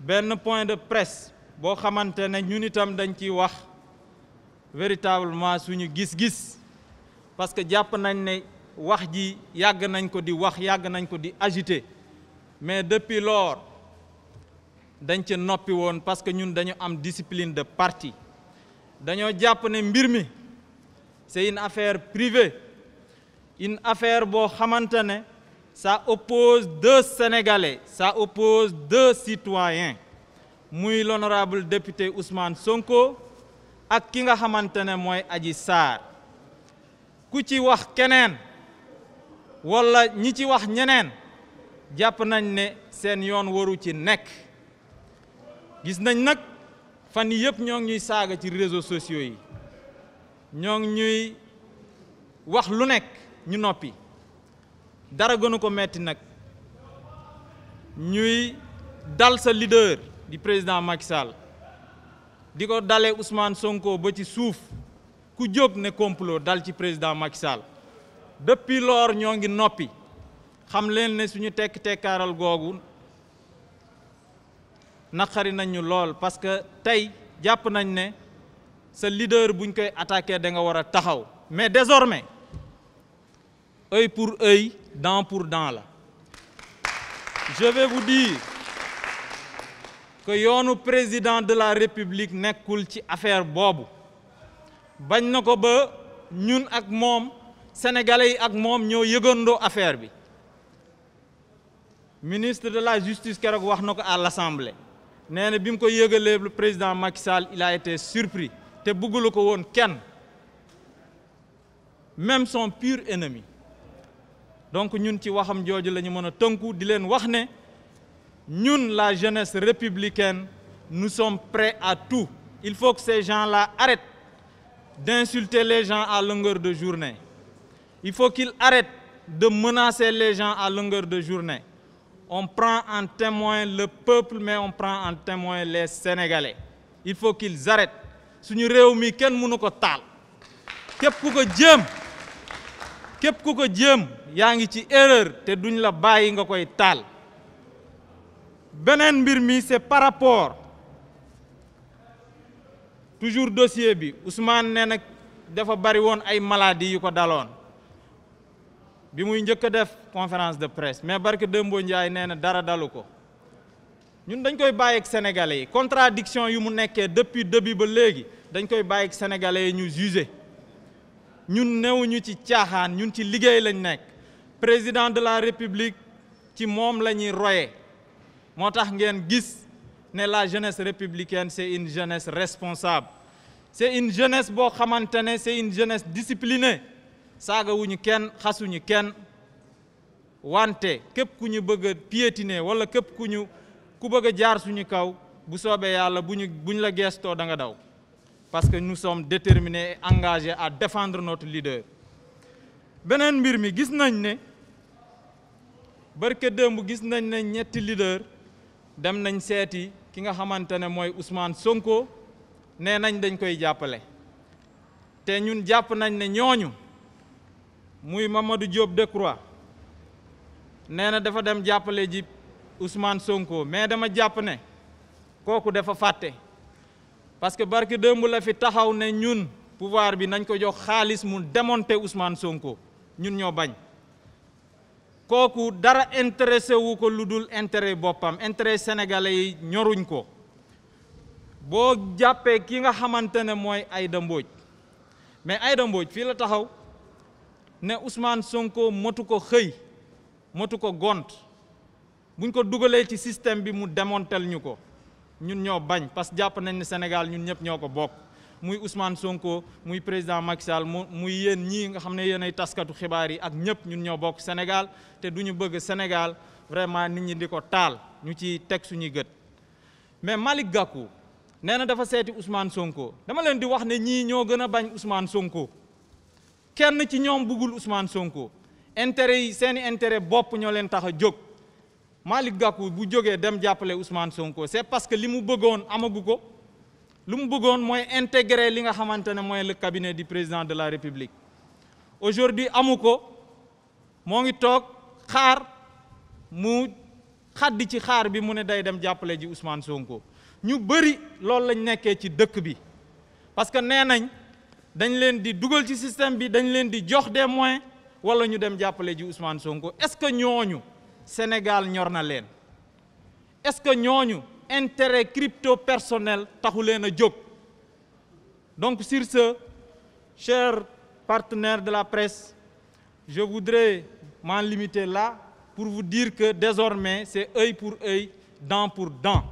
benn point de presse boo xamante ne ñun itam dañ ciy wax véritablement suñu gis-gis parce que jàpp nañ ne wax ji yàgg nañ ko di wax yàgg nañ ko di agité mais depuis lors dañ ca noppi woon parce que ñun dañu am discipline de parti dañoo jàpp ne mbir mi c'est une affaire privée une affaire boo xamante ne ça oppose deux Sénégalais ça oppose deux citoyens muy l'honorable député Ousmane Sonko ak ki nga xamante ne mooy aji saar ku ci wax keneen wala ñi ci wax ñeneen jàpp nañ ne seen yoon waru ci nekk gis nañ nag fan yii yëpp ñoo ngi ñuy saaga ci réseaux sociaux yi ñoo ngi ñuy wax lu nekk ñu noppi dara gënu ko metti nag ñuy dal sa leader di président Macky di ko dale Ousmane Sonko ba ci suuf ku jóg ne complot dal ci président Macky Sall loor ñoo ngi noppi xam leen ne suñu tekk-tekkaaral googu naqari nañu lool parce que tey jàpp nañ ne sa leader buñ koy attaqué danga nga war a taxaw mais désormais œil pour œil dent pour dent la je vais dire que yoonu président de la république nekkul ci affaire boobu bañ na ko ba ñun ak moom sénégalais yi ak moom ñoo yëgandoo affaire bi ministre de la justice keroog wax na ko à l'assemblée nee na bi mu ko yëgalee lu président Macky Sall il a été surpris te bëggula ko woon kenn même son pur ennemi donc ñun ci waxam jooju la ñu mën a tënku di leen wax ne ñun la jeunesse républicaine nu sommes prêts à tout il faut que ces gens-là arrêtent d'insulter les gens à longueur de journée il faut qu'ils arrêtent de menacer les gens à longueur de journée on prend en témoin le peuple mais on prend en témoin les Sénégalais il faut qu'ils arrêtent suñu réew mi kenn mënu ko taal képp ku ko jéem képp ku ko jéem yaa ngi ci erreur te duñ la bàyyi nga koy taal beneen mbir mi c'est par rapport toujours dossier bi Ousmane nee na dafa bari woon ay maladies yu ko daloon bi muy njëkk a def conférence de presse mais barke Dembo Ndiaye nee na dara dalu ko ñun dañ koy bàyyi ak sénégalais yi contradiction yi mu nekkee depuis début ba léegi dañ koy bàyyi ak sénégalais yi ñu jugé ñun newuñu ci caaxaan ñun ci liggéey lañ nekk président de la république ci moom la ñuy roye moo tax ngeen gis ne la jeunesse républicaine c'est une jeunesse responsable c'est une jeunesse boo xamante ne c'est une jeunesse disciplinée saagawuñu kenn xasuñu kenn wante képp ku ñu bëgg a piétiner wala képp ku ñu ku bëgg jaar suñu kaw bu soobee yàlla bu ñu buñ la geestoo da nga daw parce que nous sommes déterminés et à défendre notre leader beneen mbir mi gis nañ ne barke démb gis nañ ne ñetti leader dem nañ seeti ki nga xamante ne mooy Ousmane Sonko nee nañ dañ koy jàppale te ñun jàpp nañ ne ñooñu muy Mamadou de Decroix nee na dafa dem jàppale ji Ousmane Sonko mais dama jàpp ne kooku dafa fàtte parce que barke démb la fi taxaw ne ñun pouvoir bi nañ ko jox xaalis mu démonter Ousmane Sonko ñun ñoo bañ kooku dara intéressé wu ko lu dul intérêt boppam intérêt sénégalais yi ñoruñ ko boo jàppee ki nga xamante ne mooy Aïda Mbodj mais Aïda Mbodj fii la taxaw ne Ousmane Sonko matu ko xëy matu ko gont buñ ko dugalee ci système bi mu démontel ñu ko ñun ñoo bañ parce que jàpp nañ ne Sénégal ñun ñëpp ñoo ko bokk muy usmaan Sonko muy président Macky Sall mu muy yéen ñii nga xam ne yéen ay taskatu xibaar yi ak ñëpp ñun ñoo bokk Sénégal te du ñu bëgg Sénégal vraiment nit ñi di ko taal ñu ci teg suñuy gët mais Malick gàkku nee na dafa seeti Ousmane Sonko dama leen di wax ne ñii ñoo gën a bañ usmaan Sonko kenn ci ñoom bëggul Ousmane Sonko intérêt yi seeni intérêt bopp ñoo leen tax a jóg Malick gàkku bu jógee dem jàppale Ousmane Sonko c'est parce que li mu bëggoon amagu ko lu mu bëggoon mooy intégré li nga xamante ne mooy le cabinet du président de la République aujourd'hui amu ko moo ngi toog xaar mu xaddi ci xaar bi mu ne day dem jàppale ji Ousmane Sonko ñu bëri loolu lañ nekkee ci dëkk bi parce que nee nañ dañ leen di dugal ci système bi dañ leen di jox de moyens wala ñu dem jàppale ji Ousmane Sonko est-ce que ñooñu Sénégal ñor na leen est-ce que ñooñu intérêt crypto personnel taxu leen a jóg donc sur ce chers partenaires de la presse je voudrais m'en limiter là pour vous dire que désormais c'est œil pour œil dent pour dent